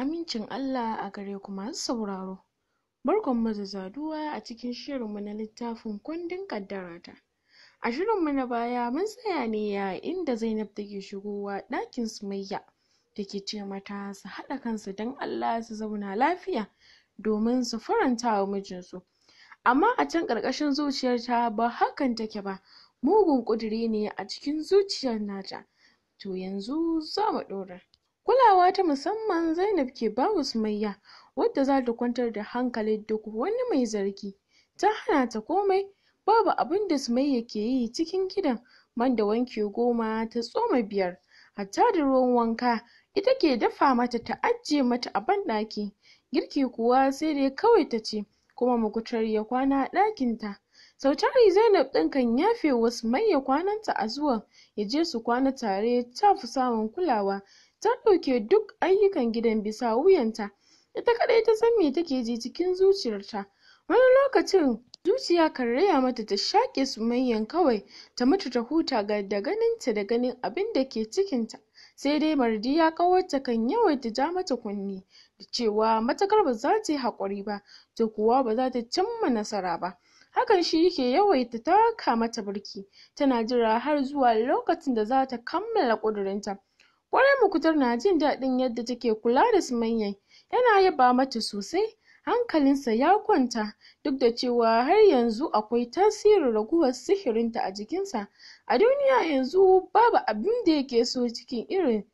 Amincin Allah a gare ku masu sauraro, mu da saduwa a cikin shirinmu na littafin kundin kaddarata, A shirinmu na baya mun tsaya ne ya inda Zainab take shigowa ɗakin Sumayya take ce mata su haɗa kansu don Allah su zauna lafiya domin su faranta wa mijinsu. Amma a can ƙarƙashin zuciyarta ba hakan take ba, mugun ƙudiri ne a cikin zuciyar nata. To yanzu za mu ɗora. Kulawa ta musamman Zainab ke ba wa Sumayya, wadda za ta kwantar da hankali duk wani mai zargi, ta hana ta komai, babu abin da Sumayya ke yi cikin gidan, man da wanke goma ta tsoma biyar, hatta da ruwan wanka ita ke dafa mata ta ajiye mata a banɗaki, girki kuwa sai dai kawai ta ce, kuma Muktar ya kwana a ɗakinta. Sau tari Zainab ɗin kan yafe wa Sumayya kwananta a zuwa ya je su kwana tare ta fi samun kulawa Ta ɗauke duk ayyukan gidan bisa wuyanta, ita kaɗai ta san me take ji cikin zuciyarta. Wani lokacin zuciya kan raya mata ta shaƙe su manyan kawai ta mutu ta huta ga da ganinta da ganin abin da ke cikinta. Sai dai Mardiya kawarta kan yawaita ja mata kunni, da cewa matakar ba za ta yi haƙuri ba, to kuwa ba za ta cimma nasara ba. Hakan shi yake yawaita taka mata birki, tana jira har zuwa lokacin da za ta kammala ƙudurinta. Kwarai Muktar na jin daɗin yadda take kula da Sumayya, yana yaba mata sosai. Hankalinsa ya kwanta duk da cewa har yanzu akwai tasirin raguwar sihirinta a jikinsa. A duniya yanzu babu abin da yake so cikin irin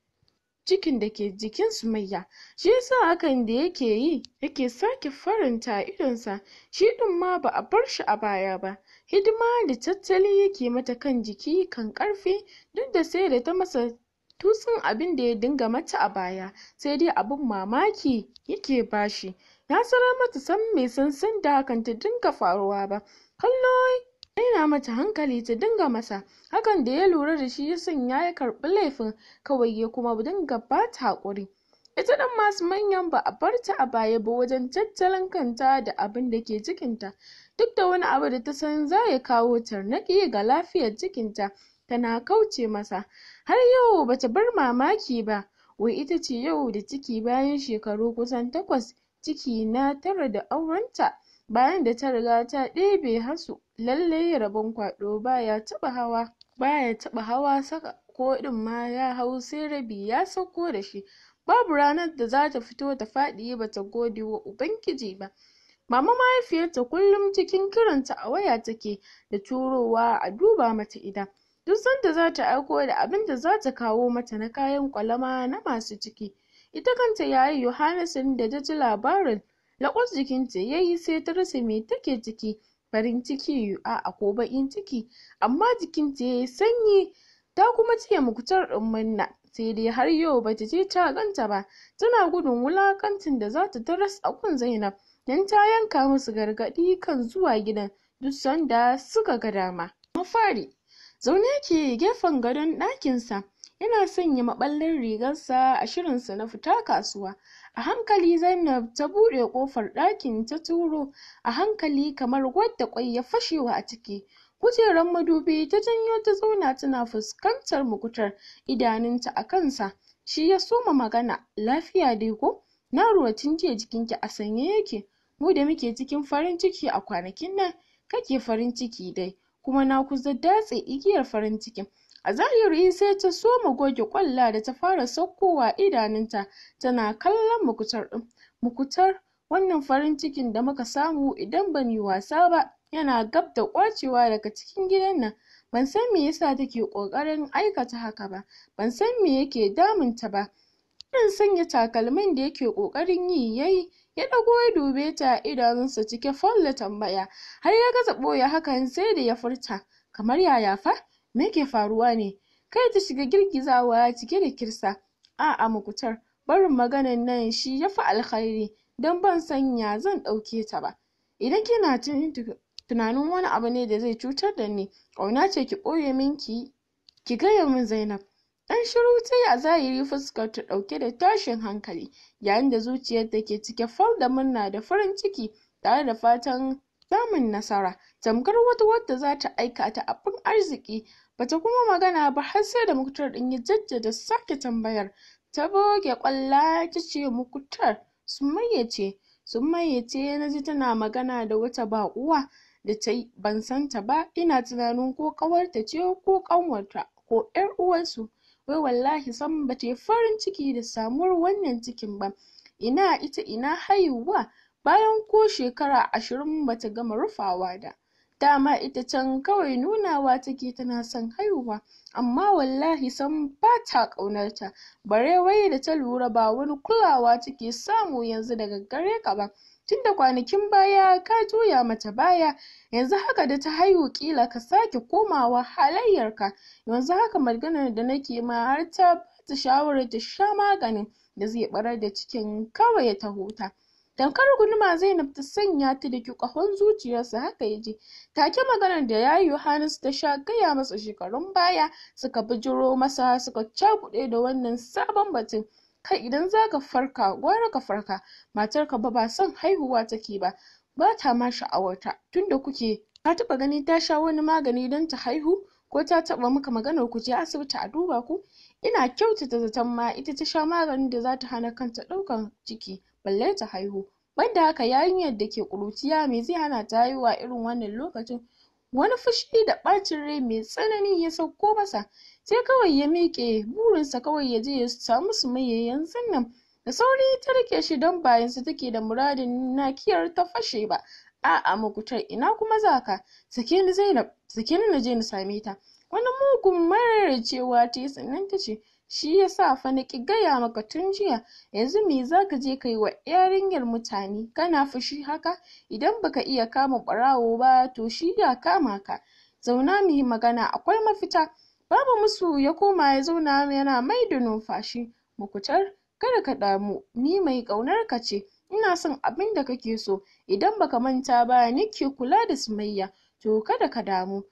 cikin da ke jikin Sumayya. Shi yasa hakan da yake yi yake sake faranta idonsa. Shi ɗin ma ba a bar shi a baya ba. Hidima da tattali yake mata kan jiki kan ƙarfi duk da sai da ta masa tutsun abin da ya dinga mata a baya sai dai abin mamaki yake bashi ya tsara mata san mai sansan da hakan ta dinga faruwa ba kallo yana mata hankali ta dinga masa hakan da ya lura da shi ya sanya ya karɓi laifin kawai ya kuma dinga ba ta haƙuri ita ɗan masu manyan ba a bar ta a baya ba wajen tattalin kanta da abin da ke cikinta duk da wani abu da ta san za ya kawo tarnaƙi ga lafiyar cikinta tana kauce masa, har yau bata bar mamaki ba, wai ita ce yau da ciki bayan shekaru kusan takwas, ciki na tara da aurenta, bayan da ta riga ta ɗebe hasu, lallai rabon kwaɗo baya taɓa hawa saka ko ɗin ma ya hau sai rabi ya sauko da shi, babu ranar da za ta fito ta faɗi bata gode wa ubangiji ba. Mama mahaifiyarta kullum cikin kiranta a waya take da turowa a duba mata ita. duk sanda za ta aiko da abin da za ta kawo mata na kayan kwalama na masu ciki ita kanta yayi yohannesin da ta ji labarin laƙwas jikinta ya yi sai ta rasa mai take ciki farin ciki a ko baƙin ciki amma jikinta ya yi sanyi ta kuma cike mukutar ɗin murna sai dai har yau bata je ta ganta ba tana gudun wulakantin da za ta taras a kun zainab don ta yanka musu gargaɗi kan zuwa gidan duk sanda suka ga dama. Mafari zaune yake gefen gadon ɗakinsa yana sanya maɓallin rigarsa a shirinsa na fita kasuwa a hankali zainab ta buɗe ƙofar ɗakin ta turo a hankali kamar wadda kwai ya fashewa a ciki kujerar madubi ta janyo ta zauna tana fuskantar mukutar idanunta a kansa shi ya soma magana lafiya dai ko na ruwa tun jiya jikinki a sanye yake mu da muke cikin farin ciki a kwanakin nan kake farin ciki dai kuma na kusa datse igiyar farin ciki. A zahiri sai ta soma goge kwalla da ta fara saukowa idanunta tana kallon mukutar ɗin. Mukutar wannan farin cikin da muka samu idan ban yi wasa ba yana gab da ƙwacewa daga cikin gidan nan. Ban san me yasa take ƙoƙarin aikata haka ba, ban san me yake damunta ba. Irin sanya takalmin da yake ƙoƙarin yi yayi Ya ɗago ya dube ta idanunsa cike fol tambaya, har ya gaza ɓoye hakan sai da ya furta, kamar yaya fa? Me ke faruwa ne? Kai ta shiga girgizawa cike da kirsa. A'a mukutar, barin maganan nan shi ya fi alkhairi, don ban sanya zan ɗauke ta ba. Idan kina tunanin wani abu ne da zai cutar da ni, ƙauna ce ki ɓoye minki ki gaya min Zainab. Ɗan shiru ta a zahiri fuskar ta ɗauke da tashin hankali, yayin da zuciyar ta ke cike fal da murna da farin ciki tare da fatan samun nasara, tamkar wata wadda za ta aikata abin arziki. bata kuma magana ba har sai da Muktar ɗin ya jaddada sake tambayar. Ta boge ƙwalla ta ce Muktar, Sumayya ce, mayyace na ji tana magana da wata baƙuwa da ta ban san ta ba, ina tunanin ko ƙawarta ce ko ƙanwarta ko ‘yar uwarsu. wai wallahi san ba ta yi farin ciki da samuwar wannan cikin ba ina ita ina haihuwa bayan ko shekara ashirin ba ta gama rufawa da dama ita can kawai nunawa take tana son haihuwa amma wallahi san ba ta ƙaunarta bare wai da ta lura ba wani kulawa take samu yanzu daga gare ka ba Tun da kwanakin baya ka juya mata baya yanzu haka da ta haihu kila ka sake komawa halayyarka yanzu haka maganar da nake ma har ta bata shawarar ta sha maganin da zai barar da cikin kawai ya ta huta tankar guduma Zainab ta sanya ta da ƙahon zuciyarsa haka ya je. Take maganar da yi Yohannes ta sha gaya masa shekarun baya suka bijiro masa suka cakuɗe da wannan sabon batun. kai idan zaka farka gwara ka farka matar ka ba ba son haihuwa take ba ba ta ma sha'awarta tunda kuke ka taba gani ta sha wani magani don ta haihu ko ta taba maka maganar ku je asibiti a duba ku ina kyautata zaton ma ita ta sha maganin da za ta hana kanta ɗaukan ciki balle ta haihu banda haka yayin da ke ƙuruciya me zai hana ta haihuwa irin wannan lokacin wani fushi da bacin rai mai tsanani ya sauko masa sai kawai ya miƙe burinsa kawai ya je ya samu su yanzu nan da sauri ta rike shi don bayansa take da muradin nakiyar ta fashe ba a'a mugutar ina kuma zaka sake ni zainab sake ni na je na same ta wani mugun marar cewa ta yi sannan ta ce shi ya sa fa na ki gaya maka tun jiya yanzu me za ka je ka yi wa yarinyar mutane kana fushi haka idan baka iya kama ɓarawo ba to shi ya kama ka zauna mu yi magana akwai mafita baba musu ya koma ya zauna yana mai da numfashi, mukutar kada ka damu ni mai ƙaunarka ce, ina son abin da kake so, idan baka manta ba ni ke kula da Sumayya, to kada ka damu.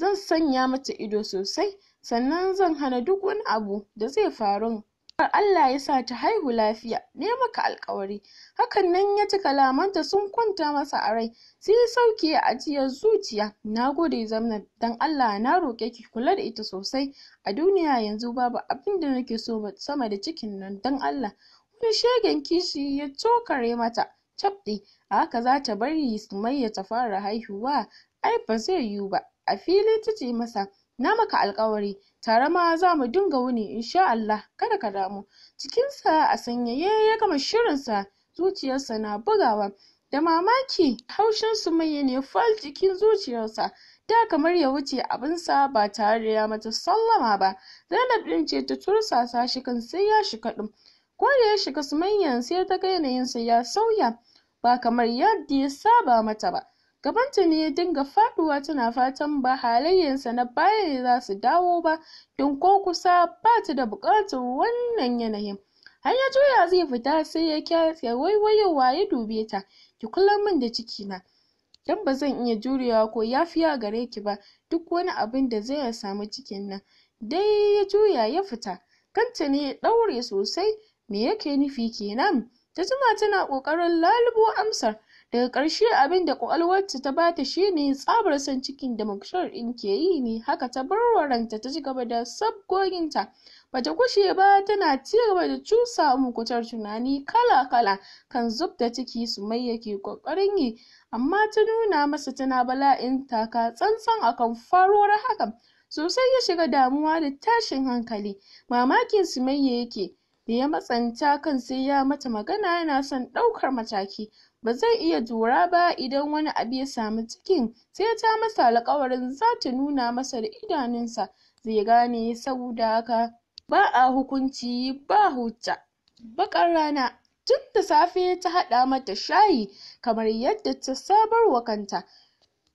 Zan sanya mata ido sosai sannan zan hana duk wani abu da zai faru har Allah ya sa ta haihu lafiya, ne maka alkawari. Hakan nan ya ci kalamanta sun kwanta masa a rai, sai ya sauke ajiyar zuciya. Na gode zamna don Allah na roƙe ki kula da ita sosai. A duniya yanzu babu abin da nake so sama da cikin nan don Allah. Wani shegen kishi ya cokare mata, cabɗi, a haka za ta bari Sumayya ta fara haihuwa, ai ba zai yiwu ba. A fili ta ce masa, na maka alkawari Tare ma za mu dinga wuni insha Allah, kada ka damu. Cikinsa a sanyaye ya gama shirinsa, zuciyarsa na bugawa. Da mamaki haushin Sumayya ne fal jikin zuciyarsa. Da kamar ya wuce abinsa ba tare da ya mata sallama ba. Zainab din ce ta tursasa shi kan sai ya shiga din Ko da ya shiga Sumayya sai ta ga yanayinsa ya sauya ba kamar yadda ya saba mata ba. Gabanta ne ya dinga faduwa tana fatan ba halayensa na baya ne za su dawo ba don ko kusa ba ta da bukatar wannan yanayin. Har ya juya zai fita sai ya kyasa waiwayowa ya dube ta, ki kula min da cikina. Dan ba zan iya jurewa ko yafiya gare ki ba duk wani abin da zai samu cikin nan. Dai ya juya ya fita, kanta ne ya daure sosai me yake nufi kenan? Ta jima tana kokarin lalubo amsar Daga ƙarshe abin da kwakwalwarta ta bata ta shi ne tsabar son cikin da Moushard ɗin ke yi ne haka ta bar ta ci gaba da sabgoginta, bata kushe ba tana ci gaba da cusa mukutar tunani kala-kala kan zub da ciki mai ke ƙoƙarin yi, amma ta nuna masa tana bala'in taka tsantsan akan faruwar hakan, sosai ya shiga damuwa da tashin hankali, mamakin su Sumayya yake. da ya matsanta kan sai ya mata magana yana son ɗaukar mataki ba zai iya jura ba idan wani abu ya samu cikin, sai ta masa alƙawarin za ta nuna masa da idanunsa zai gane saboda haka ba a hukunci ba hujja. Bakar rana tun da safe ta haɗa mata shayi kamar yadda ta sabarwa kanta,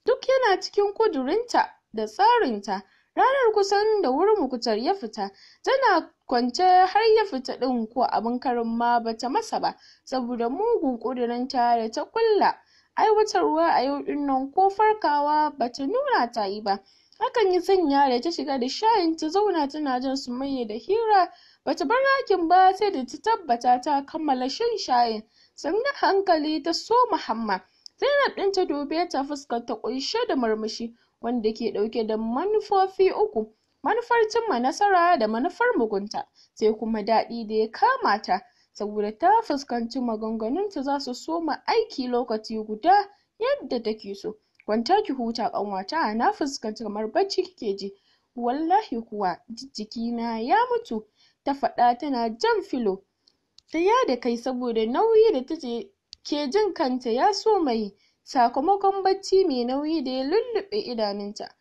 duk yana cikin kudurinta da tsarinta. Ranar kusan da wurin Muktar ya fita, tana kwance har ya fita ɗin ko abin karin ma ba ta masa ba, saboda mugun ta da ta kulla. aiwatarwa a yau ɗin nan ko farkawa ba ta nuna ta yi ba. Hakan yi sanya da ta shiga da shayin ta zauna tana jan su maye da hira bata bar rakin ba sai da ta tabbata ta kammala shan shayin. Sannan hankali ta so hamma. Zainab ɗin ta dube ta fuskar ta ƙunshe da murmushi wanda ke ɗauke da manufofi uku manufar cimma nasara da manufar mugunta sai kuma daɗi da ya kamata saboda ta fuskanci maganganunta za su soma aiki lokaci guda yadda take so kwanta ki huta kanwata na fuskanci kamar bacci kike ji wallahi kuwa jikina ya mutu ta faɗa tana jan filo ta yada kai saboda nauyi da take ke jin kanta ya so mai sakamakon bacci mai nauyi da ya lulluɓe idanunta.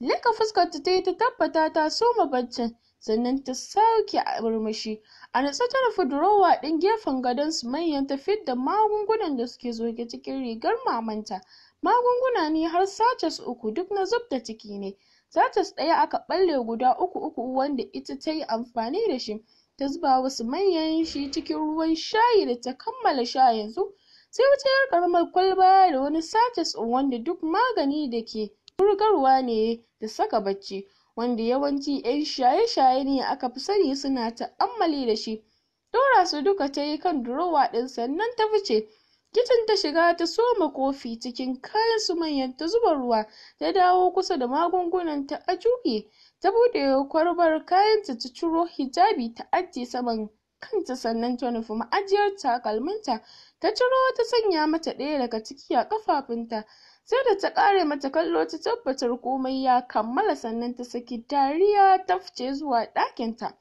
Leka fuskarta ta yi ta tabbata ta soma baccin sannan ta sauke a murmushi. A natsa ta nufi durowa ɗin gefen gadon su manyan ta fidda magungunan da suke zoge cikin rigar mamanta. Magunguna ne har sachets uku duk na zub da ciki ne. satas ɗaya aka ɓalle guda uku uku wanda ita ta yi amfani da shi. Ta zuba wasu manyan shi cikin ruwan shayi da ta kammala sha yanzu. sai wata karamar kwalba da wani sachets wanda duk magani da ke furgarwa ne da saka bacci wanda yawanci 'yan shaye-shaye ne aka fi sani suna ta'ammali da shi dora su duka ta yi kan durowa ɗin sannan ta fice kicin ta shiga ta soma kofi cikin kayan su manyan ta zuba ruwa ta dawo kusa da magungunan ta a juye ta buɗe kwarbar kayanta ta ciro hijabi ta ajiye saman kanta sannan ta nufi ma'ajiyar takalminta ta ciro ta sanya mata ɗaya daga ciki a ƙafafunta sai da ta ƙare mata kallo ta tabbatar komai ya kammala sannan ta saki dariya ta fice zuwa ɗakinta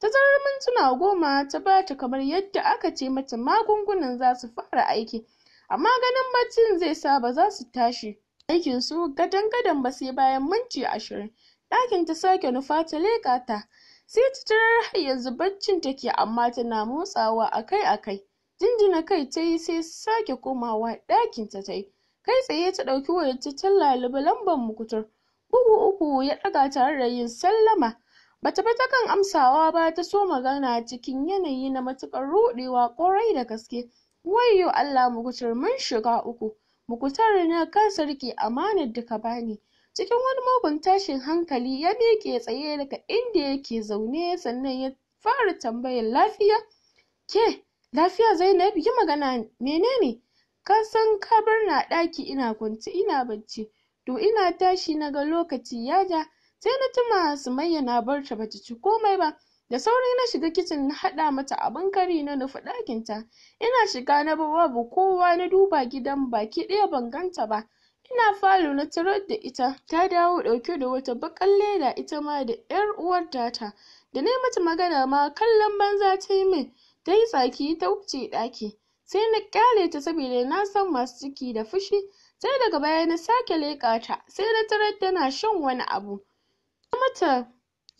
ta tarar mintuna goma ta bata kamar yadda aka ce mata magungunan za su fara aiki amma ganin baccin zai sa ba za su tashi aikin su gadan gadan ba sai bayan minti ashirin ɗakin ta sake nufa ta leƙa ta sai ta tarar har yanzu baccin take amma tana motsawa akai akai Jinjina kai ta yi sai sake komawa ɗakinta ta yi. Kai tsaye ta ɗauki wayar ta lalubi lambar Muktar. Bugu uku ya ɗaga tare da yin sallama. Bata bi ta kan amsawa ba ta so magana cikin yanayi na matuƙar ruɗewa ƙwarai da gaske. Wayyo Allah Muktar mun shiga uku. mukutar na kan sarki amanar da ka bani. Cikin wani mugun tashin hankali ya miƙe tsaye daga inda yake zaune sannan ya fara tambayar lafiya? Ke Lafiya Zainab, yi magana, menene? Ka san ka bar ni a ɗaki ina kwance ina bacci, to ina tashi na ga lokaci ya ja, sai na tuna Sumayya na barta bata ci komai ba. Da sauri na shiga kicin na haɗa mata abin kari na nufi ɗakinta. Ina shiga na babu kowa na duba gidan baki ɗaya ban ganta ba. Ina falo na tarar da ita ta dawo ɗauke da wata baƙar leda ita ma da 'yar uwar ta. Da nayi mata magana ma kallon banza ta yi min. tayi tsaki ta wuce ɗaki sai na ƙyale ta saboda na san masu ciki da fushi sai daga baya na sake leƙa ta sai na tarar tana shan wani abu na mata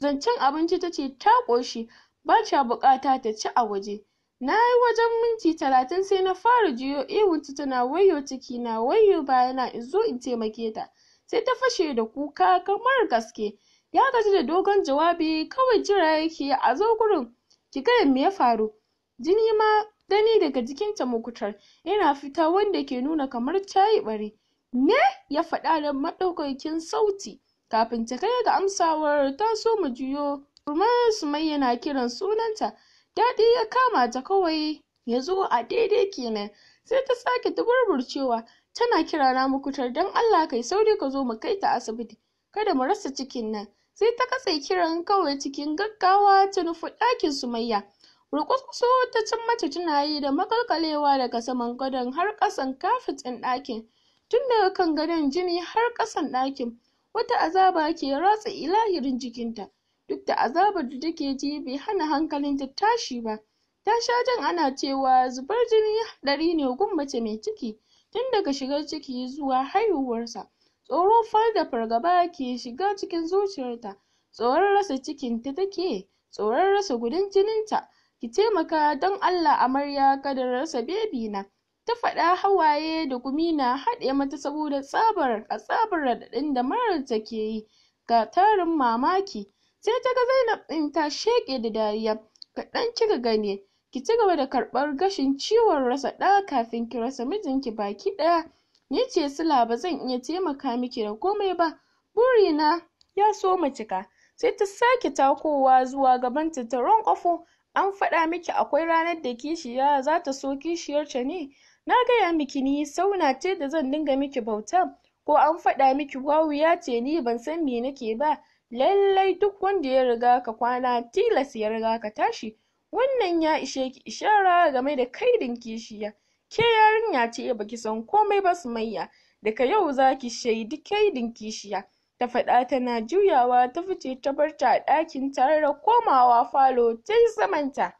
zancen abinci ta ce ta ƙoshi bata buƙata ta ci a waje nayi wajen minti talatin sai na fara jiyo ihun ta tana wayyo na wayyo bayana in zo in taimake ta sai ta fashe da kuka kamar gaske ya gaji da dogon jawabi kawai jira yake a zo gurin ki gaya me ya faru jini ma gani daga jikinta mukutar yana fita wanda ke nuna kamar tayi bari ne ya faɗa da maɗaukakin sauti kafin ta kai ga amsawar ta so mu juyo Kuma sumayya na kiran sunanta daɗi ya kama ta kawai ya zo a daidai kenan sai ta sake duburburcewa tana kira na mukutar don allah kai sauri ka zo mu kai ta asibiti kada mu rasa cikin nan sai ta katse kiran kawai cikin gaggawa ta nufi ɗakin sumayya Rukusu ta cin mata tana yi da makalkalewa daga saman gadon har ƙasan kafet ɗin ɗakin, tun daga kan gadon jini har ƙasan ɗakin. Wata azaba ke ratsa ilahirin jikinta, duk da azabar da take ji bai hana hankalinta tashi ba. Ta sha jin ana cewa zubar jini haɗari ne gun mace mai ciki, tun daga shigar ciki zuwa haihuwarsa. Tsoro far da fargaba ke shiga cikin zuciyarta, tsoron rasa cikinta take, tsoron rasa gudan jininta. “Ki taimaka don Allah amarya kada rasa bebi na,” ta faɗa hawaye da gumi na haɗe mata saboda tsabar a tsabar raɗaɗin da marar take yi ga tarin mamaki, sai ta ga Zainab ɗin ta sheƙe da dariya, “kaɗan kika gane, ki ci gaba da karɓar gashin ciwon rasa ɗa kafin ki rasa mijinki baki ɗaya, ni ce Sila ba zan iya taimaka miki da komai ba, buri na ya soma cika,” sai ta sake takowa zuwa gaban ta rankwafo An faɗa miki akwai ranar da kishiya za ta so kishiyarta ne? Na gaya miki ni sauna ce da zan dinga miki bauta, ko an faɗa miki wawiya ce ni ban san me nake ba, lallai duk wanda ya riga ka kwana tilas ya riga ka tashi. Wannan ya ishe ki ishara game da kaidin kishiya. Ke yarinya ce baki san komai ba Sumayya, daga yau za ki shaidi kaidin kishiya. ta faɗa tana juyawa ta fice ta bar ta a ɗakin tare da komawa falo ta yi zamanta.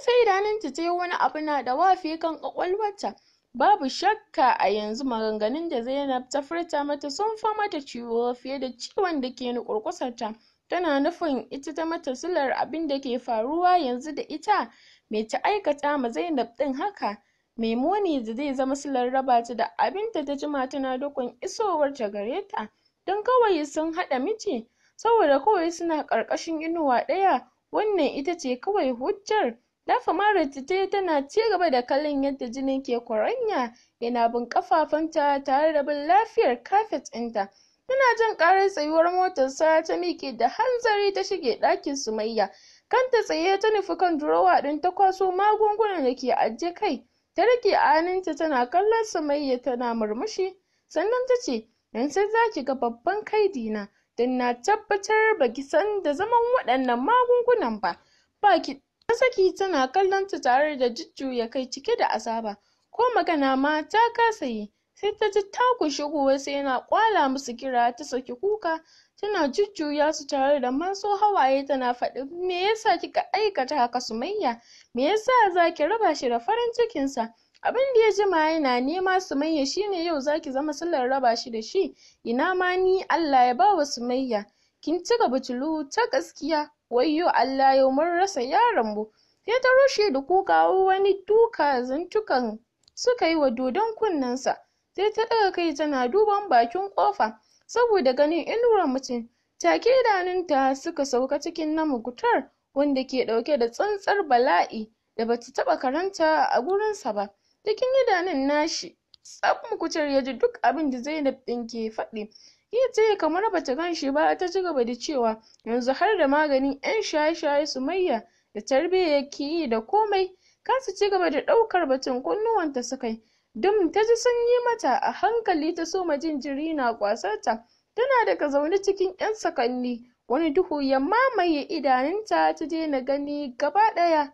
sai idanunta ta yi wani abu na da wafe kan ƙwaƙwalwarta. Babu shakka a yanzu maganganun da Zainab ta furta mata sun fa mata ciwo fiye da ciwon da ke ta Tana nufin ita ta mata silar abin da ke faruwa yanzu da ita. Me ta aikata ma Zainab ɗin haka? Mai muni da zai zama silar raba ta da abin da ta jima tana dakon isowarta gare ta. don kawai sun haɗa miji saboda kawai suna ƙarƙashin inuwa ɗaya wannan ita ce kawai hujjar famara ta tana ci gaba da kallon yadda jinin ke kwaranya yana bin ta tare da bin lafiyar kafet ɗinta. Tana jin ƙarar tsayuwar motarsa ta miƙe da hanzari ta shige ɗakin Sumayya. Kanta tsaye ta nufi kan durowa ɗin ta kwaso magungunan da ke ajiye kai. Ta rike a ta tana kallon Sumayya tana murmushi sannan ta ce yanzu za ki ga babban kaidina don na tabbatar ba ki san da zaman waɗannan magungunan ba. Ba ki saki tana kallon ta tare da jujjuya kai cike da asaba ko magana ma ta kasa yi sai ta ji taku shigowar sai yana kwala musu kira ta saki kuka tana jujjuya su tare da maso hawaye tana faɗi me yasa kika aikata haka sumayya me yasa zaki raba shi da farin cikinsa Abin da ya jima yana nema Sumayya shine yau zaki zama sallar raba shi da shi. Ina ma ni Allah ya bawa Sumayya. Kin gaba tulu ta gaskiya. Wayyo Allah yau mun rasa yaron mu. Sai ta rushe da kuka wani duka zantukan suka yi wa dodon kunnensa. Sai ta ɗaga kai tana duban bakin ƙofa saboda ganin inuwar mutum. Take idanunta suka sauka cikin namu gutar wanda ke ɗauke da tsantsar bala'i da bata taɓa karanta a gurinsa ba. cikin idanun nashi tsab mukutar ya ji duk abin da zainab din ke faɗi ya ce kamar bata gan shi ba ta ci gaba da cewa yanzu har da maganin yan shaye-shaye su mayya da tarbiyya ke yi da komai Ka su ci gaba da ɗaukar batun kunnuwanta su kai dum ta ji sanyi mata a hankali ta soma jin jiri na kwasarta tana daga zaune cikin yan sakanni wani duhu ya mamaye idanunta ta daina gani gaba ɗaya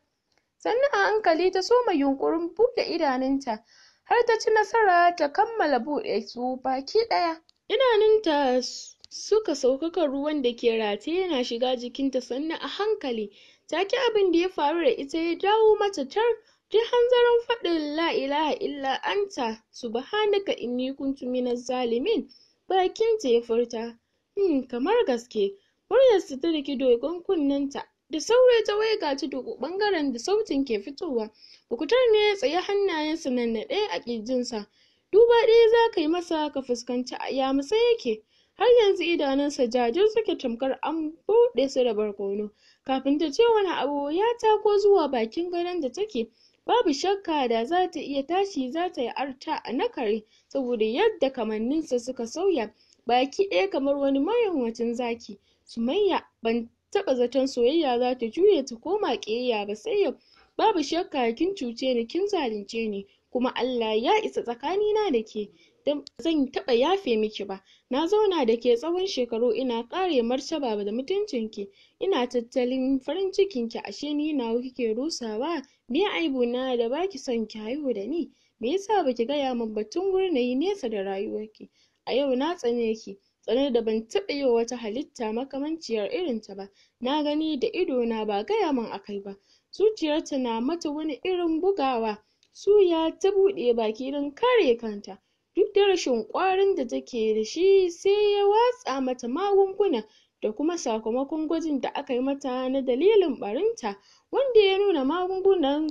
Sannan a hankali ta soma yunƙurin buɗe idanunta, har ta ci nasara ta kammala buɗe su baki ɗaya. Idanunta suka saukaka ruwan da ke rataye yana shiga jikinta sannan a hankali. Ta ƙi abin da ya faru da ita ya dawo mata tar duk hanzarin faɗin la ilaha illa anta subhanaka inni kuntu minaz zalimin bakinta ya furta. Hmm kamar gaske. Muryarsa ta daki dogon kunnenta Da sauri ta ga ta dubi bangaren da sautin ke fitowa. Bukutar ne ya tsaye hannayensa ɗaya a ƙirjinsa. Duba ɗaya za ka yi masa ka fuskanci ya matsa yake. Har yanzu idanunsa jajir suke tamkar an buɗe su da barkono. Kafin ta ce wani abu ya tako zuwa bakin gadon da take. Babu shakka da za ta iya tashi za ta yi arta a nakare saboda yadda kamanninsa suka sauya. Baki ɗaya kamar wani mayunwacin zaki. Sumayya ban taɓa zaton soyayya za ta juye ta koma ƙiyayya ba sai yau babu shakka kin cuce ni kin zalunce ni kuma Allah ya isa tsakanina da ke don zan taɓa yafe miki ba na zauna da ke tsawon shekaru ina ƙare martaba da mutuncin ki? ina tattalin farin cikin ki ashe ni nawa kike rusawa me aibu na da baki son ki haihu da ni me yasa baki gaya min batun wurin yi nesa da rayuwarki a yau na tsane ki tsare da ban taɓa yi wa wata halitta makamanciyar irin ta ba na gani da idona ba gaya min akai ba zuciyarta na mata wani irin bugawa suya ta buɗe baki don kare kanta duk da rashin ƙwarin da take da shi sai ya watsa mata magunguna da kuma sakamakon gwajin da aka yi mata na dalilin ɓarinta wanda ya nuna magungunan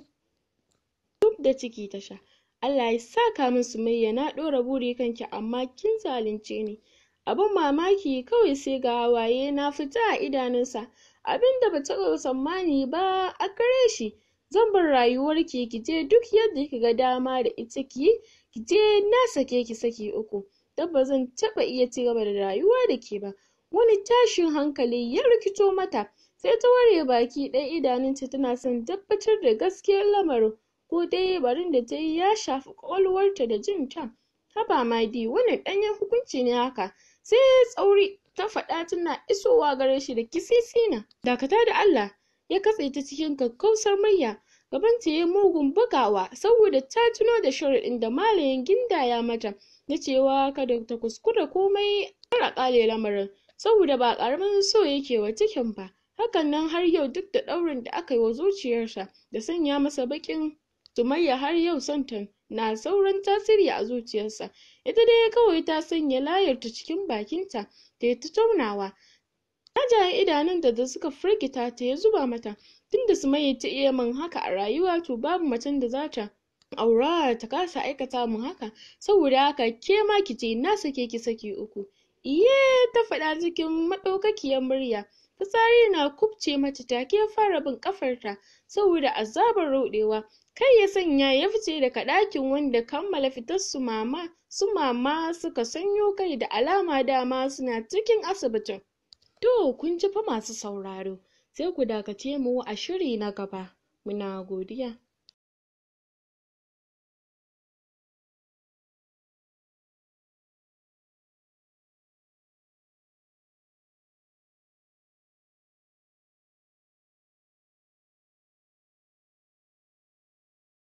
duk da ciki ta sha Allah ya saka min Sumayya na ɗora buri kanki amma kin zalunce ni Abin mamaki kawai sai ga hawaye na fita a idanunsa, abin da ba taɓa tsammani ba a kare shi. Zan bar rayuwar ki je duk yadda kika ga dama da ita ki kije je na sake ki saki uku. Dan ba zan taɓa iya cigaba da rayuwa da ke ba. Wani tashin hankali ya rikito mata, sai ta ware baki ɗaya idanunta tana son tabbatar da gaskiyar lamarin, ko dai barin da ta yi ya shafi ƙwaƙwalwarta da jin ta. Haba ma dai wannan ɗanyen hukunci ne haka? sai tsauri ta faɗa tana isowa gare shi da kisisina dakata da Allah ya katse ta cikin kakkausar murya gabanta yi mugun bugawa saboda ta tuno da sharaɗin da malayin ya mata na cewa kada ta kuskura komai a ƙale lamarin saboda ba ƙaramin so yake wa cikin ba hakan nan har yau duk da ɗaurin da aka yi wa zuciyarsa da sanya masa baƙin Sumayya har yau ta na sauran tasiri a zuciyarsa, ita dai kawai ta sanya layarta cikin bakinta ta yi ta taunawa. Jajayen idanunta da suka firgita ta ya zuba mata, tunda Sumayya ta iya man haka a rayuwa to babu macen da za ta aura ta kasa aikata mu haka, saboda haka ke ma ki je na sake ki saki uku. Iye ta faɗa cikin maɗaukakiyar murya. Fitsari na kubce mata take fara bin kafarta saboda azabar ruɗewa Kai ya sanya ya fice daga ɗakin wanda kammala fitar su mama su mama suka sanyo kai da alama dama suna cikin asibitin. To kun ji fa masu sauraro sai ku dakace mu a shiri na gaba. Muna godiya.